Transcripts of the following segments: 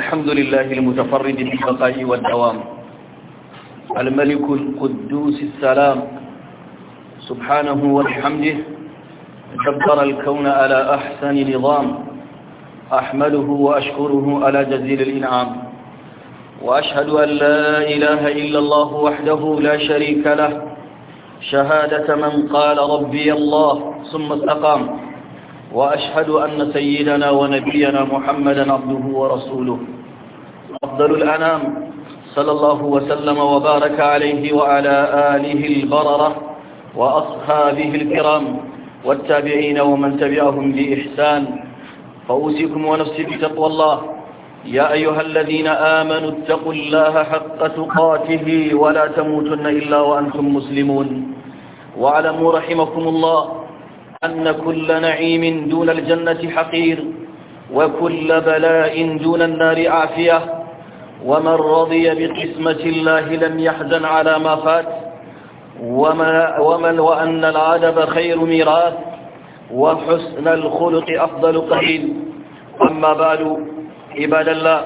الحمد لله المتفرد بالبقاء والدوام الملك القدوس السلام سبحانه وبحمده دبر الكون على أحسن نظام أحمده وأشكره على جزيل الإنعام وأشهد أن لا إله إلا الله وحده لا شريك له شهادة من قال ربي الله ثم استقام وأشهد أن سيدنا ونبينا محمدا عبده ورسوله أفضل الأنام صلى الله وسلم وبارك عليه وعلى آله البررة وأصحابه الكرام والتابعين ومن تبعهم بإحسان فأوصيكم ونفسي بتقوى الله يا أيها الذين آمنوا اتقوا الله حق تقاته ولا تموتن إلا وأنتم مسلمون واعلموا رحمكم الله أن كل نعيم دون الجنة حقير وكل بلاء دون النار عافية ومن رضي بقسمة الله لم يحزن على ما فات وما ومن وأن العدب خير ميراث وحسن الخلق أفضل قليل أما بعد عباد الله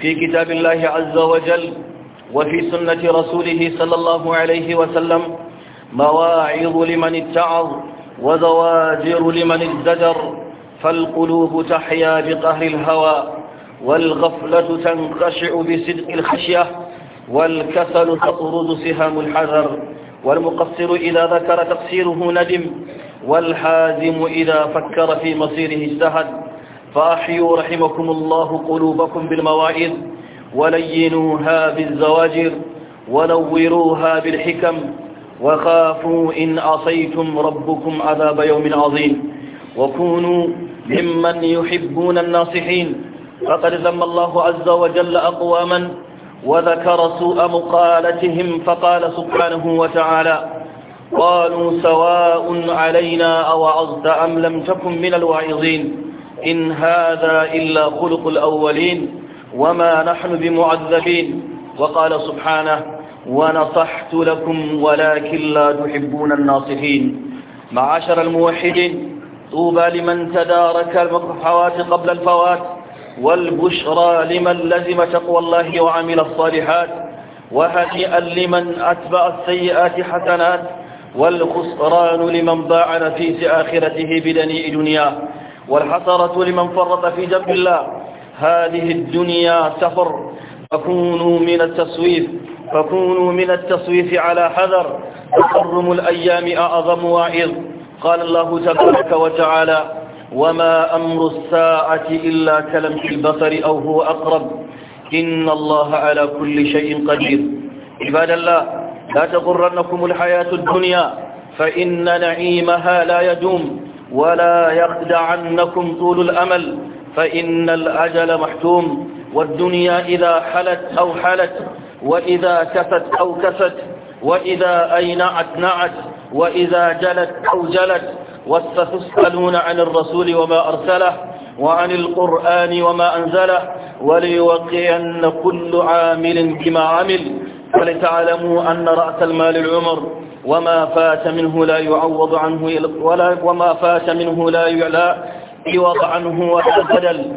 في كتاب الله عز وجل وفي سنة رسوله صلى الله عليه وسلم مواعظ لمن اتعظ وزواجر لمن ازدجر فالقلوب تحيا بقهر الهوى والغفلة تنقشع بصدق الخشية والكسل تطرد سهام الحذر والمقصر إذا ذكر تقصيره ندم والحازم إذا فكر في مصيره اجتهد فأحيوا رحمكم الله قلوبكم بالمواعظ ولينوها بالزواجر ونوروها بالحكم وخافوا إن عصيتم ربكم عذاب يوم عظيم وكونوا ممن يحبون الناصحين فقد ذم الله عز وجل أقواما وذكر سوء مقالتهم فقال سبحانه وتعالى قالوا سواء علينا أوعظت أم لم تكن من الواعظين إن هذا إلا خلق الأولين وما نحن بمعذبين وقال سبحانه ونصحت لكم ولكن لا تحبون الناصحين معاشر الموحدين طوبى لمن تدارك المقحوات قبل الفوات والبشرى لمن لزم تقوى الله وعمل الصالحات وهنيئا لمن أتبع السيئات حسنات والخسران لمن باع نفيس آخرته بدنيء دنياه والحسرة لمن فرط في جنب الله هذه الدنيا سفر فكونوا من التسويف فكونوا من التصويف على حذر تحرم الأيام أعظم واعظ قال الله تبارك وتعالى وما أمر الساعة إلا كلمح البصر أو هو أقرب إن الله على كل شيء قدير عباد الله لا تغرنكم الحياة الدنيا فإن نعيمها لا يدوم ولا يخدعنكم طول الأمل فإن الأجل محتوم والدنيا إذا حلت أو حلت وإذا كفت أو كست وإذا أينعت نعت وإذا جلت أو جلت وستسألون عن الرسول وما أرسله وعن القرآن وما أنزله وليوقين كل عامل بما عمل ولتعلموا أن رأس المال العمر وما فات منه لا يعوض عنه ولا وما فات منه لا يعلى يوضع عنه ولا بدل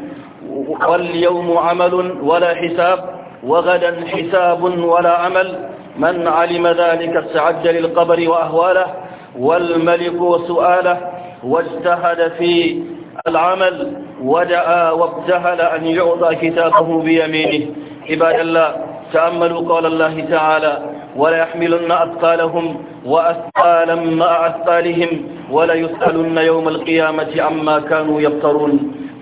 واليوم عمل ولا حساب وغدا حساب ولا عمل من علم ذلك استعد للقبر وأهواله والملك وسؤاله واجتهد في العمل ودعا وابتهل أن يعطى كتابه بيمينه عباد الله تأملوا قول الله تعالى ولا يحملن أثقالهم وأثقالا مع أثقالهم ولا يسألن يوم القيامة عما كانوا يفترون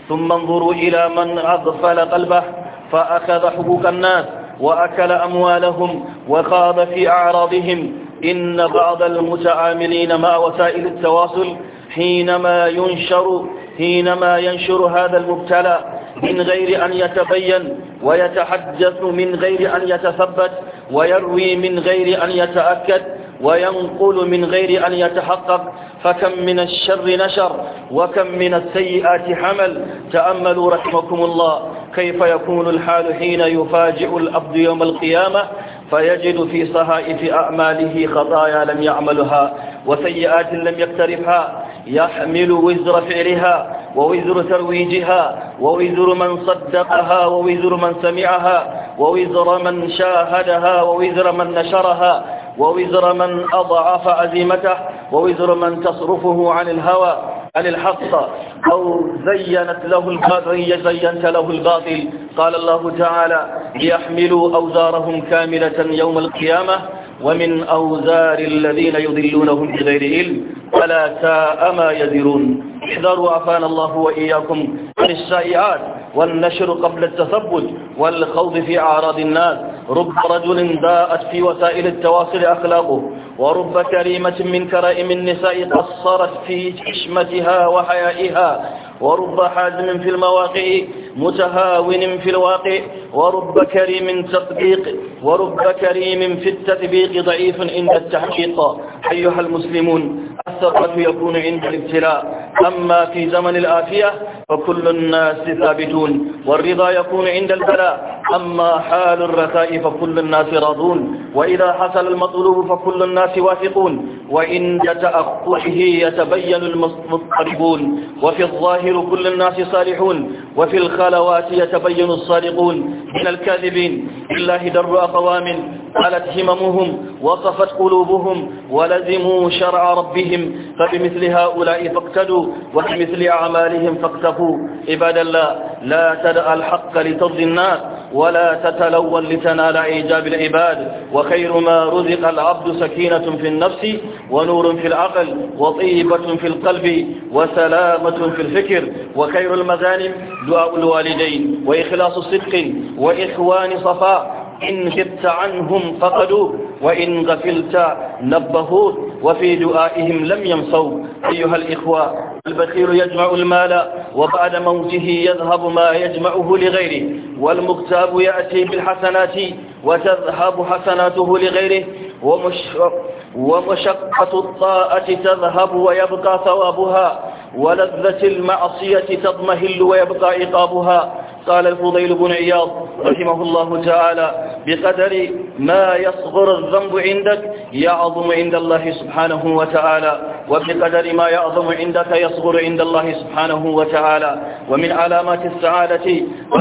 ثم انظروا إلى من أغفل قلبه فأخذ حقوق الناس وأكل أموالهم وخاب في أعراضهم إن بعض المتعاملين مع وسائل التواصل حينما ينشر حينما ينشر هذا المبتلى من غير أن يتبين ويتحدث من غير أن يتثبت ويروي من غير أن يتأكد وينقل من غير أن يتحقق فكم من الشر نشر وكم من السيئات حمل تأملوا رحمكم الله كيف يكون الحال حين يفاجئ الأبد يوم القيامة فيجد في صهائف أعماله خطايا لم يعملها وسيئات لم يقترفها يحمل وزر فعلها ووزر ترويجها ووزر من صدقها ووزر من سمعها ووزر من شاهدها ووزر من نشرها ووزر من أضعف عزيمته ووزر من تصرفه عن الهوى عن الحق أو زينت له الباطل زينت له الباطل قال الله تعالى ليحملوا أوزارهم كاملة يوم القيامة ومن أوزار الذين يضلونهم بغير علم فلا ساء ما يذرون احذروا عفان الله وإياكم عن السائعات والنشر قبل التثبت والخوض في أعراض الناس رب رجل داءت في وسائل التواصل أخلاقه ورب كريمة من كرائم النساء قصرت في حشمتها وحيائها ورب حازم في المواقع متهاون في الواقع ورب كريم تطبيق ورب كريم في التطبيق ضعيف عند التحقيق أيها المسلمون الثقة يكون عند الابتلاء أما في زمن الآفية فكل الناس ثابتون والرضا يكون عند البلاء أما حال الرخاء فكل الناس راضون وإذا حصل المطلوب فكل الناس واثقون وإن تأخره يتبين المضطربون وفي الظاهر كل الناس صالحون وفي الخ الخلوات يتبين الصادقون من الكاذبين لله در أقوام قالت هممهم وقفت قلوبهم ولزموا شرع ربهم فبمثل هؤلاء فاقتدوا وبمثل أعمالهم فاقتفوا عباد الله لا تدع الحق لترضي الناس ولا تتلون لتنال إيجاب العباد وخير ما رزق العبد سكينة في النفس ونور في العقل وطيبة في القلب وسلامة في الفكر وخير المغانم دعاء الوالدين وإخلاص الصدق وإخوان صفاء إن غبت عنهم فقدوا وإن غفلت نبهوا وفي دعائهم لم يمصوا أيها الإخوة البخيل يجمع المال وبعد موته يذهب ما يجمعه لغيره والمغتاب يأتي بالحسنات وتذهب حسناته لغيره ومشقة الطاعة تذهب ويبقى ثوابها ولذة المعصية تضمهل ويبقى عقابها قال الفضيل بن عياض رحمه الله تعالى بقدر ما يصغر الذنب عندك يعظم عند الله سبحانه وتعالى وبقدر ما يعظم عندك يصغر عند الله سبحانه وتعالى ومن علامات السعادة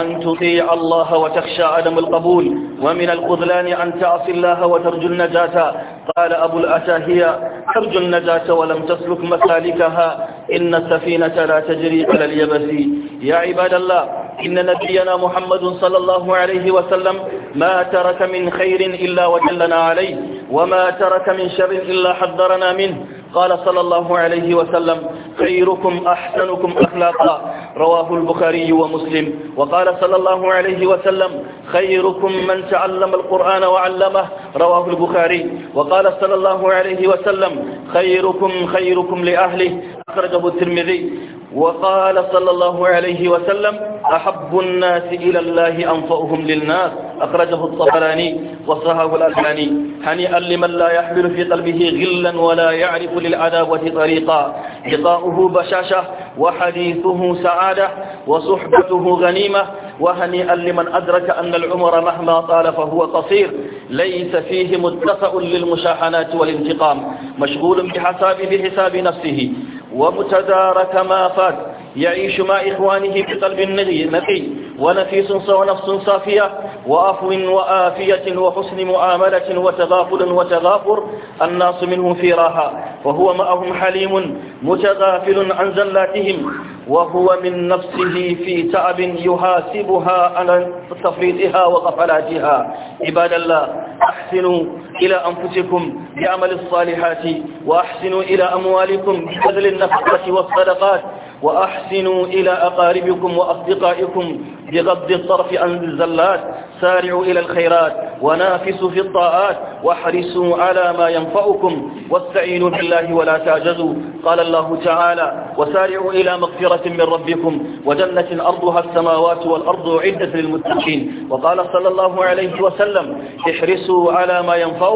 أن تطيع الله وتخشى عدم القبول ومن الخذلان أن تعصي الله وترجو النجاة قال أبو الأتاهية ترجو النجاة ولم تسلك مسالكها إن السفينة لا تجري على اليبس يا عباد الله إن نبينا محمد صلى الله عليه وسلم ما ترك من خير إلا وجلنا عليه وما ترك من شر إلا حذرنا منه قال صلى الله عليه وسلم خيركم أحسنكم أخلاقا رواه البخاري ومسلم وقال صلى الله عليه وسلم خيركم من تعلم القرآن وعلمه رواه البخاري وقال صلى الله عليه وسلم خيركم خيركم لأهله أخرجه الترمذي وقال صلى الله عليه وسلم أحب الناس إلى الله أنفأهم للناس أخرجه الطبراني وصحه الألباني هنيئا لمن لا يحمل في قلبه غلا ولا يعرف للعداوة طريقا لقاؤه بشاشة وحديثه سعادة وصحبته غنيمة وهنيئا لمن أدرك أن العمر مهما طال فهو قصير ليس فيه متفأ للمشاحنات والانتقام مشغول بحساب بحساب نفسه ومتدارك ما فات يعيش مع إخوانه بقلب نقي ونفيس ونفس صافية وأفو وآفية وحسن معاملة وتغافل وتغافر الناس منه في راحة وهو معهم حليم متغافل عن زلاتهم وهو من نفسه في تعب يحاسبها على تفريطها وغفلاتها عباد الله أحسنوا إلى أنفسكم بعمل الصالحات وأحسنوا إلى أموالكم بذل النفقة والصدقات وأحسنوا إلى أقاربكم وأصدقائكم بغض الطرف عن الزلات سارعوا إلى الخيرات ونافسوا في الطاعات واحرصوا على ما ينفعكم واستعينوا بالله ولا تعجزوا قال الله تعالى وسارعوا إلى مغفرة من ربكم وجنة أرضها السماوات والأرض عدة للمتقين وقال صلى الله عليه وسلم احرصوا على ما ينفعك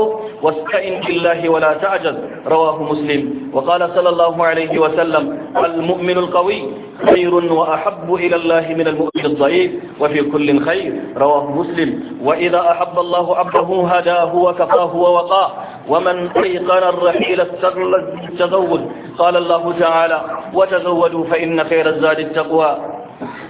واستعن بالله ولا تعجز رواه مسلم وقال صلى الله عليه وسلم المؤمن القوي خير وأحب إلى الله من المؤمن الضعيف خير وفي كل خير رواه مسلم وإذا أحب الله عبده هداه وكفاه ووقاه ومن أيقن الرحيل التزود قال الله تعالى وتزودوا فإن خير الزاد التقوى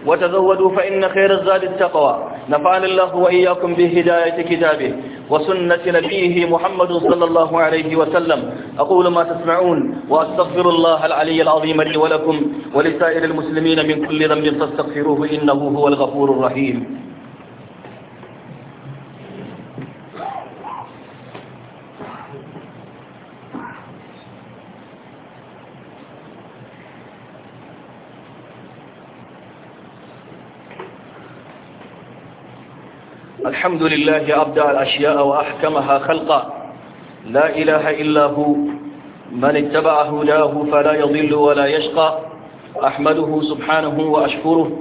وتزودوا فإن خير الزاد التقوى نفعنا الله وإياكم بهداية كتابه وسنة نبيه محمد صلى الله عليه وسلم أقول ما تسمعون وأستغفر الله العلي العظيم لي ولكم ولسائر المسلمين من كل ذنب فاستغفروه إنه هو الغفور الرحيم الحمد لله أبدع الأشياء وأحكمها خلقا لا إله إلا هو من اتبع هداه فلا يضل ولا يشقى أحمده سبحانه وأشكره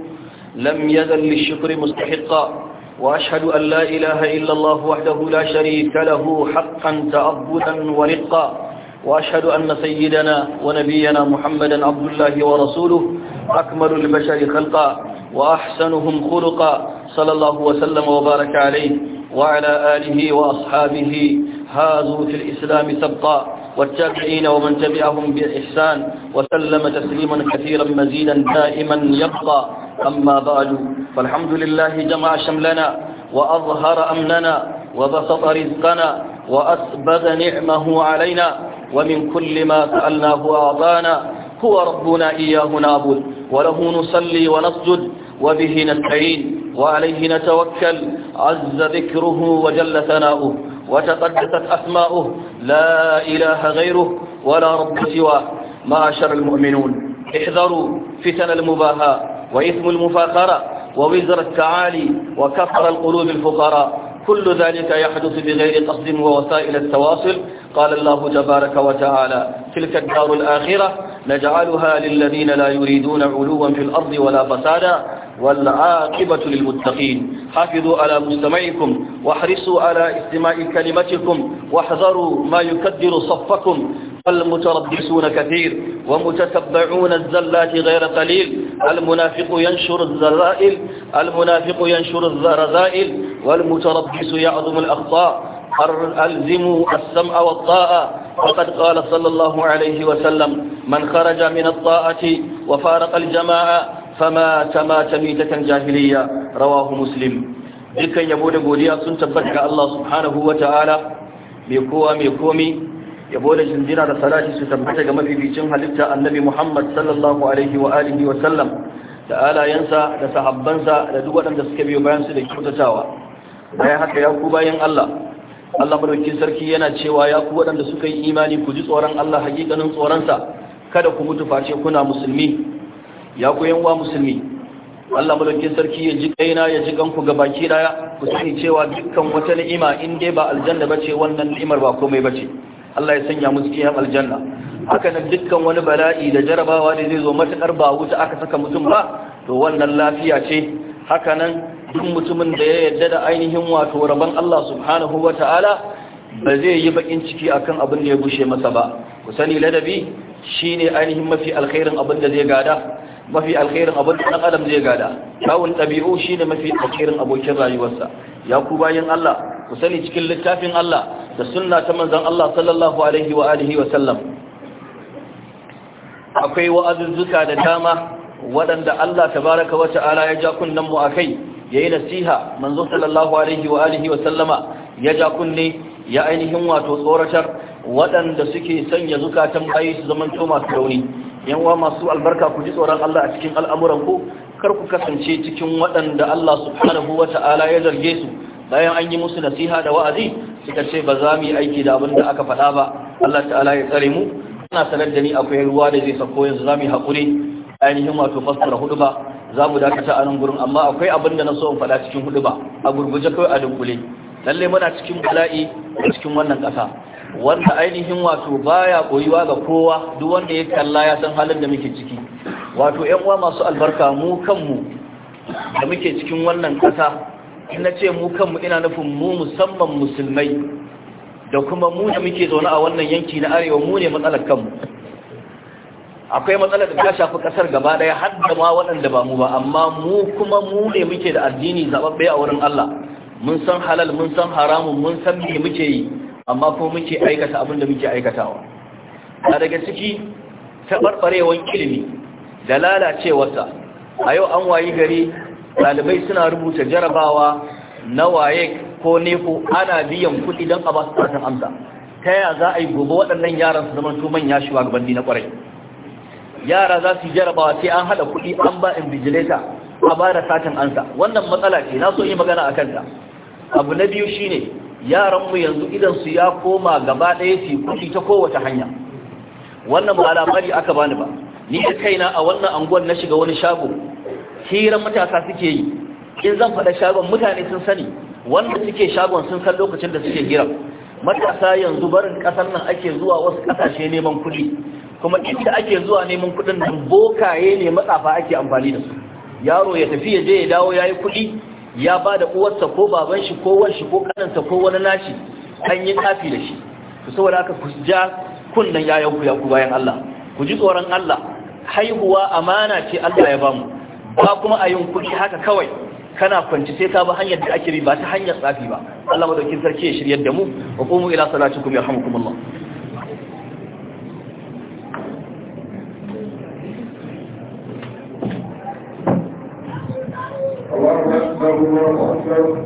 لم يزل للشكر مستحقا وأشهد أن لا إله إلا الله وحده لا شريك له حقا تأبدا ورقا وأشهد أن سيدنا ونبينا محمدا عبد الله ورسوله أكمل البشر خلقا وأحسنهم خلقا صلى الله وسلم وبارك عليه وعلى آله وأصحابه هازوا في الإسلام سبقا والتابعين ومن تبعهم بإحسان وسلم تسليما كثيرا مزيدا دائما يبقى أما بعد فالحمد لله جمع شملنا وأظهر أمننا وبسط رزقنا وأثبت نعمه علينا ومن كل ما سألناه أعطانا هو ربنا إياه نعبد وله نصلي ونسجد وبه نستعين وعليه نتوكل عز ذكره وجل ثناؤه وتقدست أسماؤه لا إله غيره ولا رب سواه معاشر المؤمنون احذروا فتن المباهاة وإثم المفاخرة ووزر التعالي وكفر القلوب الفقراء كل ذلك يحدث بغير قصد ووسائل التواصل قال الله تبارك وتعالى تلك الدار الآخرة نجعلها للذين لا يريدون علوا في الأرض ولا فسادا والعاقبة للمتقين حافظوا على مستمعكم واحرصوا على استماع كلمتكم واحذروا ما يكدر صفكم المتربصون كثير ومتتبعون الزلات غير قليل المنافق ينشر الزلائل المنافق ينشر الزرزائل والمتربص يعظم الأخطاء ألزموا السمع والطاعة وقد قال صلى الله عليه وسلم من خرج من الطاعة وفارق الجماعة ta fama tama tamidatan jahiliya rawa muslim dukkan yabo da godiya sun tabbata ga Allah subhanahu wataala mai kowa mai komi yabo da da salati su tabbata ga mafificin halitta annabi Muhammad sallallahu alaihi wa alihi wa sallam da alayansa da sahabbansa da duk waɗanda suka biyo bayan su da kyautatawa bayan haka ya ku bayan Allah Allah madaukakin sarki yana cewa ya ku waɗanda suka yi imani ku ji tsoron Allah hakikanin sa. kada ku mutu face kuna musulmi ya koyan wa musulmi Allah madaukin sarki ya ji kaina ya ji ganku ga baki daya ku sani cewa dukkan wata ni'ima in dai ba aljanna bace wannan ni'imar ba komai bace Allah ya sanya musu cikin aljanna haka nan dukkan wani bala'i da jarabawa da zai zo matakar ba wuta aka saka mutum ba to wannan lafiya ce haka nan duk mutumin da ya yarda da ainihin wato rabon Allah subhanahu wata'ala ba zai yi bakin ciki akan abin da ya bushe masa ba ku sani ladabi shine ainihin mafi alkhairin abin da zai gada mafi alkhairin abin da ɗan adam zai gada kyawun ɗabi'u shine mafi alkhairin abokin rayuwarsa ya ku bayan Allah ku sani cikin littafin Allah da sunna ta manzan Allah sallallahu alaihi wa alihi wa sallam akwai wa'azuzzuka da dama waɗanda Allah tabaraka wa ta'ala ya ja kunnan mu akai yayi nasiha manzo sallallahu alaihi wa alihi wa sallama ya ja kunne ya ainihin wato tsoratar waɗanda suke sanya zukatan bayi su zaman to masu rauni yanwa masu albarka ku ji tsoron Allah a cikin al'amuran ku kar ku kasance cikin waɗanda Allah subhanahu wata'ala ya zarge su bayan an yi musu nasiha da wa'azi suka ce ba za mu yi aiki da abin da aka faɗa ba Allah ta'ala ya tsare mu ana sanar da ni akwai ruwa da zai sako yanzu za mu yi haƙuri ainihin wato fasara hudu ba za mu dakata a nan gurin amma akwai abin da na so in faɗa cikin hudu ba a gurguje kawai a dunkule lalle muna cikin bala'i a cikin wannan ƙasa wanda ainihin wato baya koyuwa ga kowa duk wanda ya kalla ya san halin da muke ciki wato ƴan uwa masu albarka mu kanmu da muke cikin wannan ƙasa ina ce mu kanmu ina nufin mu musamman musulmai da kuma mu da muke zaune a wannan yanki na arewa mu ne matsalar kanmu akwai matsalar da ta shafi ƙasar gaba ɗaya har da ma waɗanda ba mu ba amma mu kuma mu ne muke da addini zaɓaɓɓe a wurin Allah mun san halal mun san haramun mun san me muke yi amma ko muke aikata abin da muke aikatawa a daga ciki taɓarɓarewan ilimi da lalacewarsa a yau an wayi gari ɗalibai suna rubuta jarabawa na waye ko nefo ana biyan kuɗi don a ba su ƙarfin amsa ta yaya za a yi gobe waɗannan yaran su zama su manya shi na ƙwarai yara za su yi jarabawa sai an haɗa kuɗi an ba invigilator a ba da satin ansa wannan matsala ce na so yi magana a kanta abu na biyu shine yaranmu yanzu idan su ya koma gaba ɗaya su kuɗi ta kowace hanya wannan ba alamari aka bani ba ni da kaina a wannan anguwar na shiga wani shago hiran matasa suke yi in zan faɗa shagon mutane sun sani wanda suke shagon sun san lokacin da suke gira matasa yanzu barin ƙasar nan ake zuwa wasu ƙasashe neman kuɗi kuma inda ake zuwa neman kuɗin nan bokaye ne matsafa ake amfani da su yaro ya tafi ya je ya dawo ya yi kuɗi ya ba da uwarsa ko baban shi ko wanshi ko kananta ko wani nashi an yi kafi da shi to saboda haka ku ja kunnan yayan ku ya ku bayan Allah ku ji tsoron Allah haihuwa amana ce Allah ya bamu ba kuma a yin kuɗi haka kawai kana kwanci sai ka ba hanyar da ake bi ba ta hanyar tsafi ba Allah madaukin sarki ya shiryar da mu wa qumu ila salatikum yarhamukumullah الله أكبر